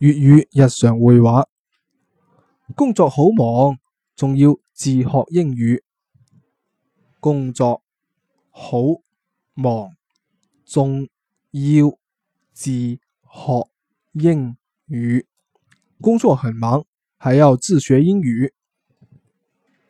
粵語日常會話，工作好忙，仲要自學英語。工作好忙，仲要自學英語。工作很忙，還要自學英語。